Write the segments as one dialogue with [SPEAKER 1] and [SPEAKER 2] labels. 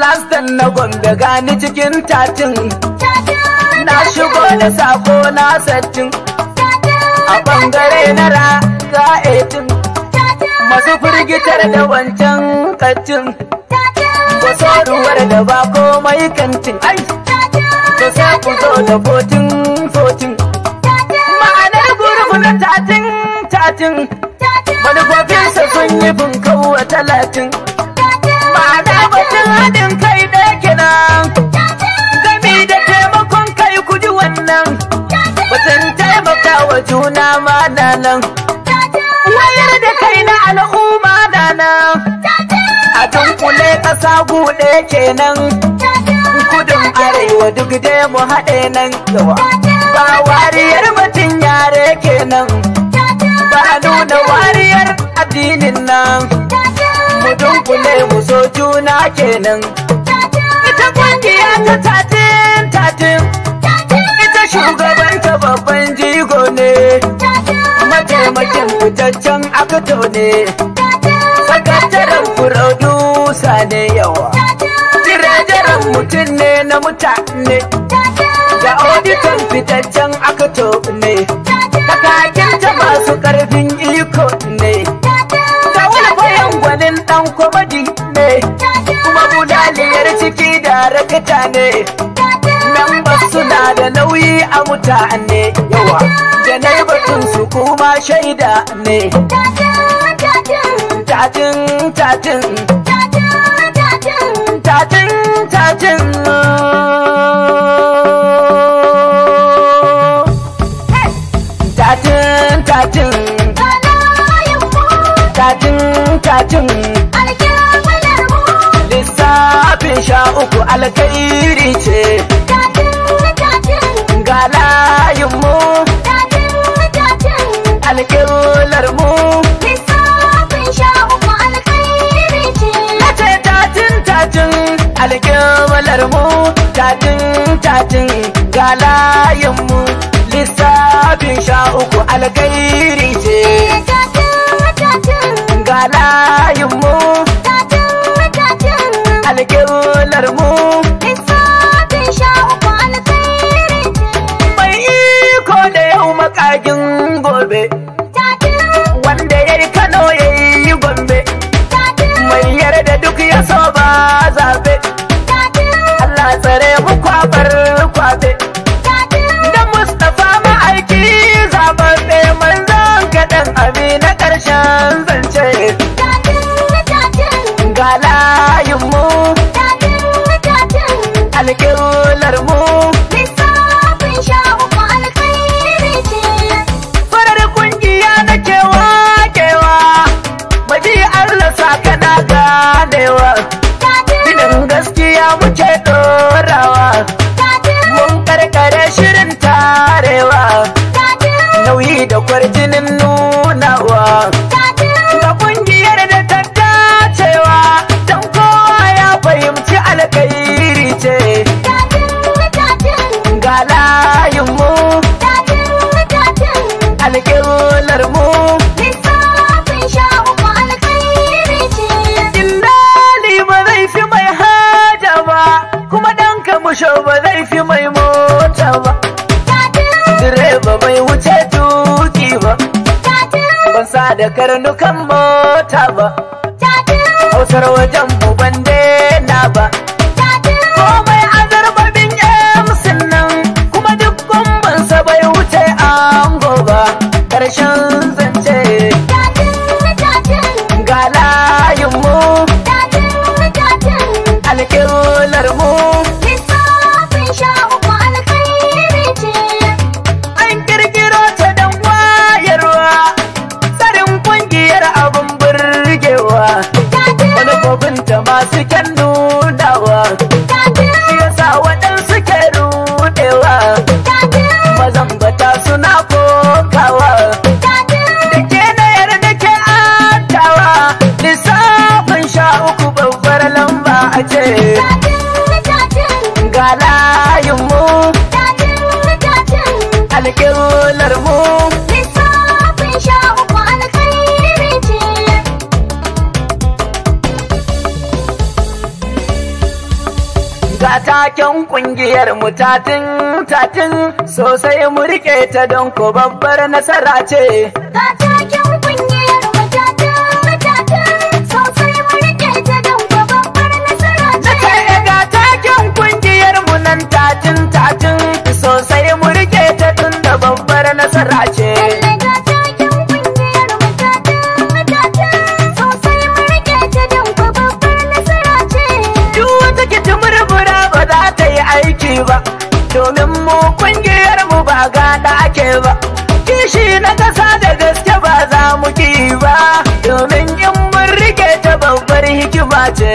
[SPEAKER 1] Plastan na gombe gani cikin tatin. Na shigo da sako na sattin. A ɓangare na raga etin. Masu firgitar da wancan katin. Wasu ruwar da ba komai kantin. Ai, to sai ku zo da fotin fotin. Ma'anar gurgu na tatin tatin. Manufofinsa sun yi bunkau a talatin. da batun haɗin kai da kenan gami da taimakon kai ku ji wannan batun taimaka wa juna ma na nan wayar da kai na al'umma na nan a dunkule ƙasa buɗe kenan kudin arewa duk dai mu haɗe nan yawa ba wariyar mutum yare kenan ba nuna wariyar addinin nan mu dunkule mu so juna kenan ita kungiya ta tatin tatin ita shugabanta babban jigo ne mataimakin fitaccen akito ne sakataren furodusa ne yawa direjaren mutum ne na mutane da auditan fitaccen akito ne kakakin ta masu karfin darakta ne ba suna da nauyi a mutane yawa da na yi batun su kuma shaida ne tatin tatin tatin tatin tatin tatin tatin sha uku alkairi ce ga layinmu alƙiblar mu lissafin sha uku alkairi ce nace tatin tatin alƙiblar mu tatin tatin ga layinmu kagin gobe zai fi mai mota ba direba bai wuce tuki ba ban sa da karnukan mota ba hausar wajen alƙiblar mu lissafin sha uku alƙairi ce ga taken ƙungiyar mu tatin tatin sosai mu riƙe ta don ko babbar nasara ce aiki ba domin mu kungiyar mu ba gada ake ba kishi na kasa da gaske ba za mu ki ba domin in mun rike ta babbar hikima ce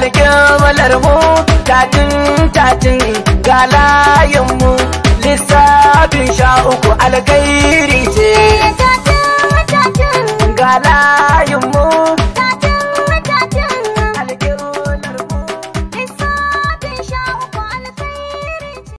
[SPEAKER 1] alƙiblar mu tatin tatin ga layin mu lissafin sha uku alkhairi